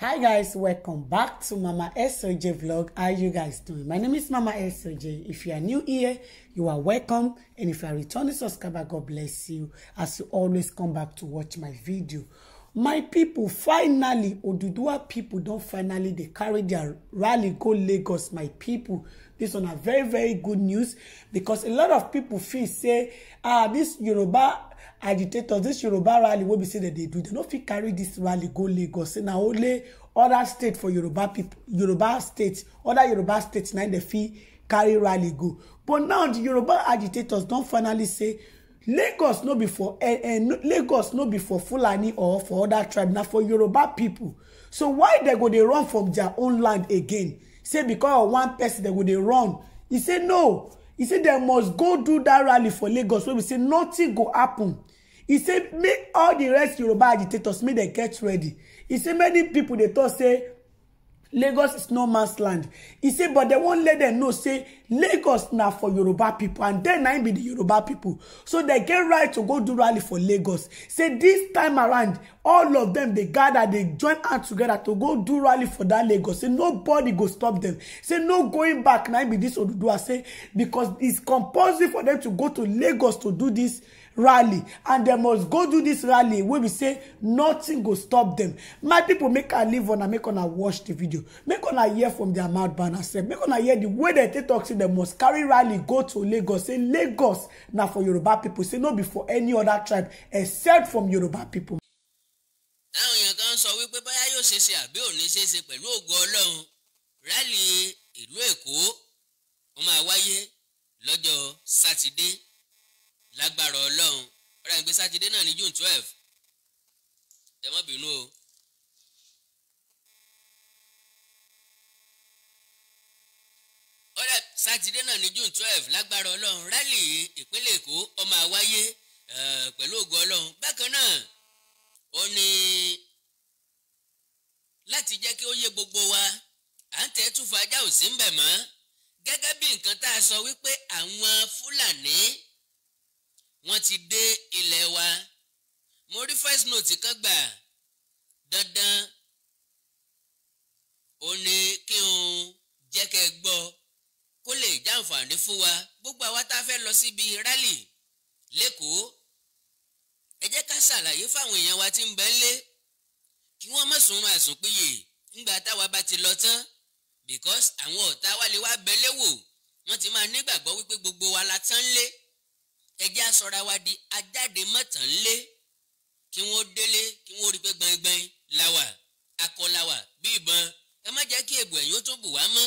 hi guys welcome back to mama soj vlog how you guys doing my name is mama soj if you are new here you are welcome and if you are returning subscriber god bless you as you always come back to watch my video my people finally oduduwa people don't finally They carry their rally go lagos my people This one na very very good news because a lot of people feel say ah dis yoruba agitators dis yoruba rally wey be say dem dey do dem no fit carry this rally go lagos say na only other state for yoruba people, yoruba state other yoruba state na dem fit carry rally go but now the yoruba agitators don finally say lagos no be for eh, eh, lagos no be for fulani or for other tribe na for yoruba people. so why dem go dey run from their own land again say because of one person they go dey run He say no He say dem must go do dat rally for lagos wey be say nothing go happen He say make all di rest yoruba agitators make dem get ready He say many pipo dey tok say lagos is no man's land He say but dem wan let dem know say lagos na for yoruba pipo and den na be di yoruba pipo so dem get right to go do rally for lagos say dis time around all of dem dey gather dey join hand together to go do rally for dat lagos say nobody go stop dem say no going back na be dis oduduwa say because its compulsory for dem to go to lagos to do dis rally and dem must go do dis rally wey be say nothing go stop dem my pipo make i leave on and make una watch di video make una hear from dia mouth by sef make una hear di way dem take tok say dem must carry rally go to lagos say lagos na for yoruba pipo say no be for any oda tribe except from yoruba pipo àwọn èèyàn kan sọ wípé bóyá yóò ṣe ṣe àbí ò ní ṣe ṣe pẹ̀lú ògo ọlọ́run rálì ìlú èkó ó máa wáyé lọ́jọ́ sátidé lágbára ọlọ́run ọ̀rẹ́ àgbẹ̀ sátidé náà ní june twelve ẹ má bínú o. ọ̀rẹ́ sátidé náà ní june twelve lágbára ọlọ́run rálì ìpínlẹ̀ èkó ó máa wáyé pẹ̀lú ògo ọlọ́run bákan náà ó ní láti jẹ́ kí ó yé gbogbo wa à ń tẹ́ túfọ̀ ajá ò sí ń bẹ̀ mọ́ gẹ́gẹ́ bí nǹkan tá a sọ wípé àwọn fúlàní wọ́n ti dé ilẹ̀ wa mo rí first note kan gbà dandan ó ní kí n jẹ́ kẹ́ ẹ gbọ́ kó lè jàǹfààní fún wa gbogbo àwa tá a fẹ́ lọ síbi rálì lẹ́kọ̀ọ́ ẹ jẹ́ ká ṣàlàyé fáwọn èèyàn wa tí ń bẹ ńlé kí wọ́n má sùnrùn àsùnpìyè ńgbà táwa bá ti lọ tán because àwọn ọ̀tá wa lè wá bẹ léwò wọ́n ti máa nígbàgbọ́ wípé gbogbo wa la tán lé ẹjẹ́ àsọ̀ra wa di ajáde mọ̀tànlé kí wọ́n délé kí wọ́n rí pé gbẹngbẹng làwà akọlàwà bí ìbọn ẹ má jẹ́ kí ègbò ẹ̀yìn ó tún bù wá mọ́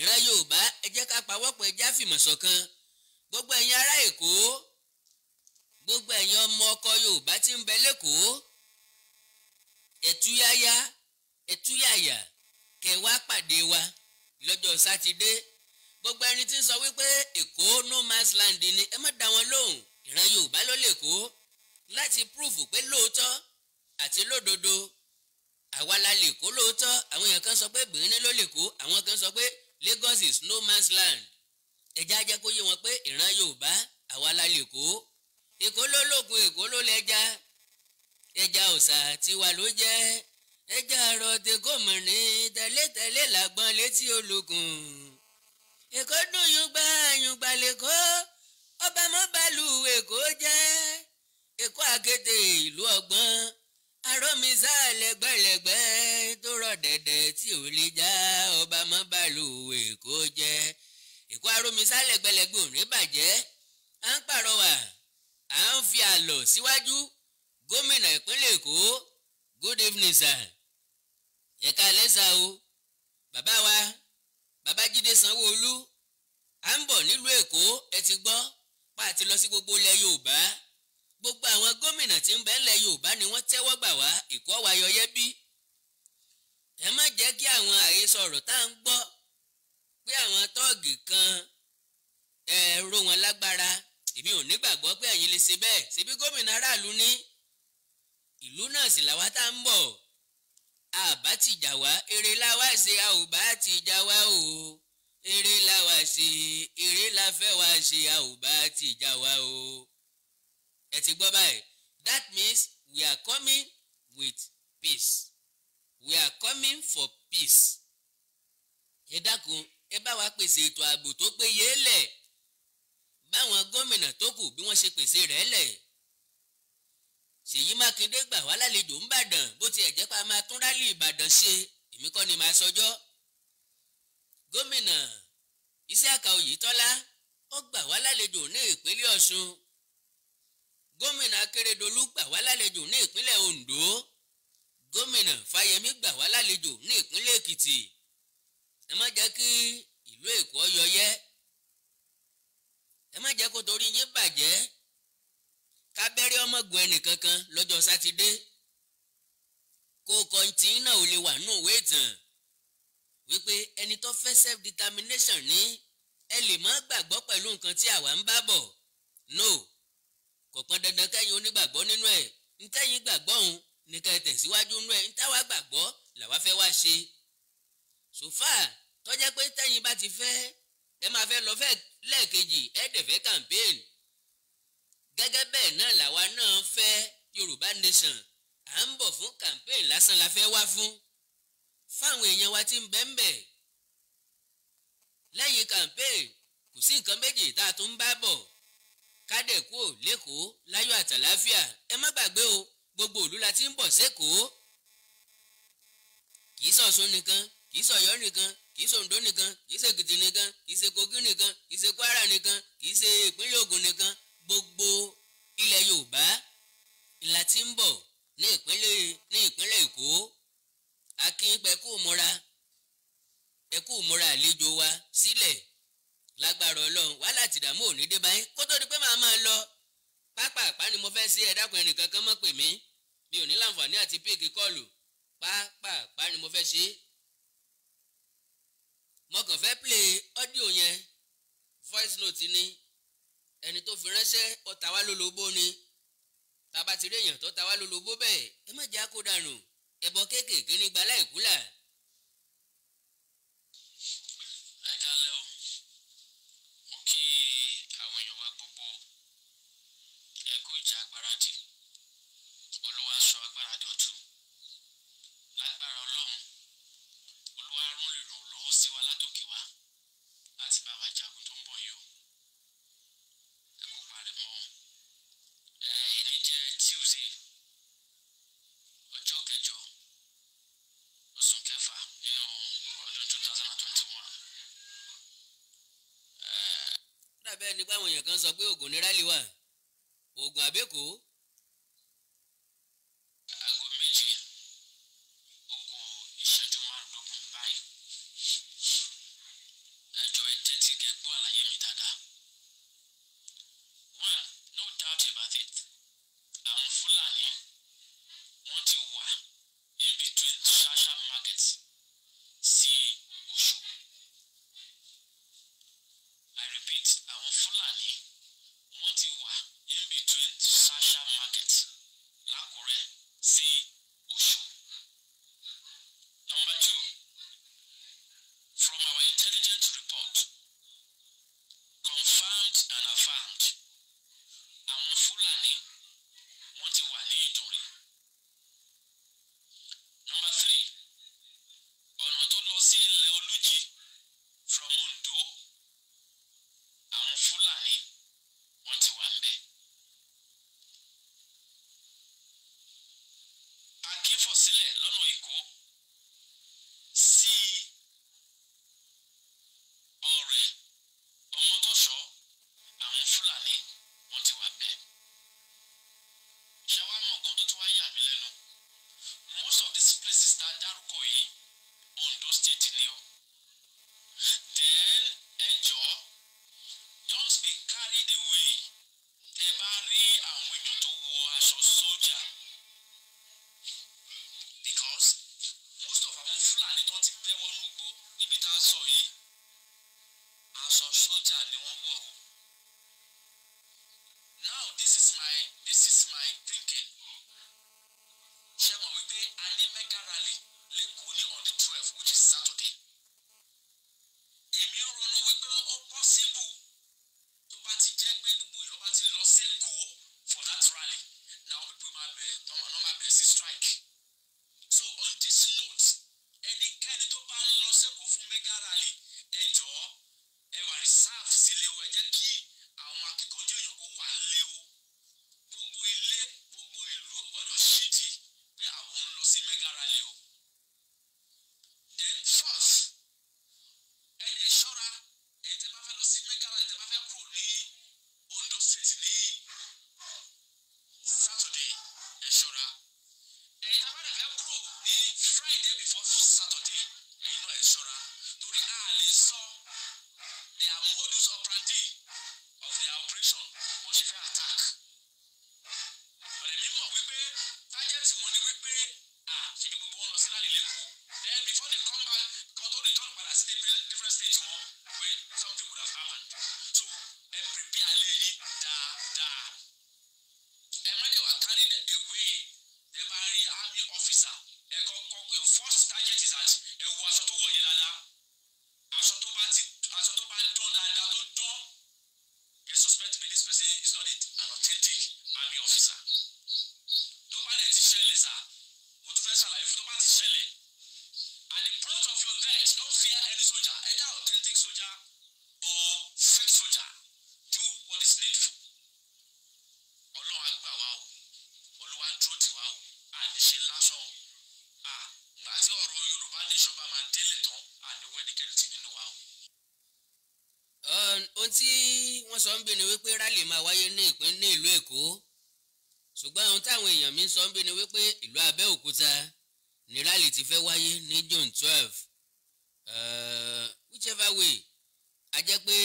ìran Yorùbá ẹ jẹ́ ká pawọ́pọ̀ ẹjẹ́ àfìmọ̀ ṣọ̀kan gbogbo ẹ̀yin ará Èkó gbogbo ẹ̀yin ọmọ ọkọ Yorùbá tí ń bẹ lẹ́kọ̀ọ́ ẹ̀túyáyá ẹ̀túyàyà kẹ́ pàdé wa lọ́jọ́ sátidé gbogbo ẹni tí ń sọ wípé èkó no man's land ni ẹ má dá wọn lóhùn ìran yorùbá ló lè kó láti púrúfù pé lóòótọ́ àti lódodo àwa la lè kó lóòótọ́ àwọn èèyàn kan sọ pé Benin ló lè kó àwọn kan sọ pé Lagos is no man's land ẹja jẹ́ kó yé wọn pé ìran yorùbá àwa la lè kó èkó ló lóògùn èkó ló lẹ́ja ẹja òòṣà tiwa ló jẹ́ ẹja àrọ̀ tẹ́kọ̀mọ̀rin tẹ́lẹ̀tẹ́lẹ̀ làgbọ́n létí ológun èkó dùn yùngbà yùngbà lẹ́kọ́ ọba mọ́bàlù èkó jẹ́ èkó àkété ìlú ọgbọ́n arómisá lẹ́gbẹ̀lẹ́gbẹ́ tó rọ̀ dẹ̀dẹ̀ tí ò lè já ọba mọ́bàlù èkó jẹ́ èkó arómisá lẹ́gbẹ̀lẹ́gbẹ́ ò ní bàjẹ́ à ń pàrọwà à ń fi àlọ́ síwájú gómìnà ìpínlẹ̀ èkó good evening sir ẹ̀ka lẹ́sà o bàbá wa babájídé sanwóolu à ń bọ̀ nílùú èkó ẹ ti gbọ́ pa àti lọ sí gbogbo ilẹ̀ yorùbá gbogbo àwọn gómìnà tí ń bẹ ńlẹ̀ yorùbá ni wọ́n tẹ́wọ́ gbà wá ìkọ́ wa yọyẹ́ bí ẹ má jẹ́ kí àwọn àhesọ ọ̀rọ̀ tá à ń gbọ́ pé àwọn tọ́ọ̀gì kan ẹ ró wọn lágbára èmi ò nígbàgbọ́ pé ẹ̀yin lè ṣe bẹ́ẹ̀ ṣebí gómìnà aráàlú ní ìlú náà sì làwa tá à ń bọ̀ àbá ti jà wá eré la wá ṣe a ò bá ti jà wá o eré la ṣe eré la fẹ́ ṣe a ò bá ti jà o. ẹ ti gbọ́ báyìí that means we are coming with peace we are coming for peace. ẹ dákun ẹ bá wa pèsè ètò ààbò tó péye lẹ̀ báwọn gómìnà tó kù bí wọ́n ṣe pèsè rẹ̀ lẹ̀ ṣèyí mákindé gbà wá lálejò ńbàdàn bó tiẹ̀ jẹ́ pa máa tún rálì ìbàdàn ṣe èmi kọ́ ni màá sọjọ́ gómìnà Isiaka Oyètọ́lá ó gbà wá lálejò ní ìpínlẹ̀ Ọ̀ṣun gómìnà Akérédolú gbà wá lálejò ní ìpínlẹ̀ Ondo gómìnà Fáyẹmí gbà wá lálejò ní ìpínlẹ̀ Èkìtì ẹ má jẹ́ kí ìlú Èkó yọyẹ́ ẹ má jẹ́ kó torí yín bàjẹ́ kábẹ́rẹ́ ọmọgùn ẹnìkankan lọ́jọ́ sátidé kó kọ́ńtìn náà ò lè wà nù òwe ìtàn wípé ẹni tó fẹ́ self determination ní ẹ lè má gbàgbọ́ pẹ̀lú nǹkan tí àwa ń bá bọ̀ no kò pọn dandan kẹ́yin onígbàgbọ́ nínú ẹ̀ ntẹ́yin gbàgbọ́ òun ní ká ẹ tẹ̀síwájú nínú ẹ̀ ntáwa gbàgbọ́ làwa fẹ́ wá ṣe sòfà tọ́jà pé tẹ́yin bá ti fẹ́ ẹ máa fẹ́ lọ fẹ́ lẹ́ẹ̀kejì ẹ̀ campaign gẹ́gẹ́ bẹ́ẹ̀ náà làwa náà fẹ́ yorùbá nation à ń bọ̀ fún campaign lásán la fẹ́ wá fún fáwọn èèyàn wa tí ń bẹ ń bẹ̀ lẹ́yìn campaign kò sí nǹkan méjì tá a tún ń bá bọ̀ kádẹ̀kú ò lẹ́kọ̀ọ́ láyọ̀ àtàláfíà ẹ má gbàgbé o gbogbo òlu la ti ń bọ̀ sẹ́kọ̀ọ́ kì í sọ̀sùn nìkan kì í sọ̀yọ́ nìkan kì í sọ̀ǹdó nìkan kì í sèkìtì nìkan kì í ṣe kogi nìkan kì í ṣe kwara nìkan kì í ṣe ìpínlẹ̀ Ògùn nìkan gbogbo ilẹ̀ Yorùbá ìlà tí ń bọ̀ ní ìpínlẹ̀ ní ìpínlẹ̀ Èkó akínpẹ̀ kó múra ẹ kó múra àlejò wa sílẹ̀ lágbára Ọlọ́run wá láti dààmú òní dé báyìí kó tó di pé màá máa lọ pápá ni mo fẹ́ sí ẹ dákun ẹnìkan kan mọ̀ pè mí mi ò ní láǹfààní àti píìkì kọ́ọ̀lù pápá ni mo fẹ́ ṣe mo kàn fẹ́ play ọ́díò yẹn voice note ni ẹni tó fi ránṣẹ́ ọ̀tá wa lólobó ni tàbá ti rí èèyàn tó ta wá lólobó bẹ́ẹ̀ ẹ má jẹ́ àkó dànù ẹ̀bọ kéékèèké ní gbalá ìkúlà. ẹ kálẹ́ bẹ́ẹ̀ ni pé àwọn èèyàn kan sọ pé oògùn ní rálì wà oògùn àbẹ́kọ̀ọ́ my this is my thinking ṣe mọ̀ wípé a ní mega rally lẹ́kọ̀ọ́ ní on the twelve which is Saturday. ọ̀hún sà tó bá dẹ̀ ti ṣẹlẹ̀ sà mo tún fẹ́ ṣàlàyé fún tó bá ti ṣẹlẹ̀ at the point of your death don't fear any soldier either authentic soldier or fake soldier do what is needful ọlọ́run á gbà o olúwa dúró tì wá o àní lásán o àgbà tí ọ̀rọ̀ yorùbá nation bá máa délẹ̀ tán àní wẹ́nikẹ́ni ti nínú wa o. ohun tí wọ́n sọ ń bẹ̀ wípé rálì máa wáyé ní ìpínlẹ̀ ìlú èkó ṣùgbọ́n ohun táwọn èèyàn mi sọ ń bí ni wípé ìlú Abẹ́òkúta ni rally ti fẹ́ wáyé ní June twelve uh, whichever way a jẹ́ pé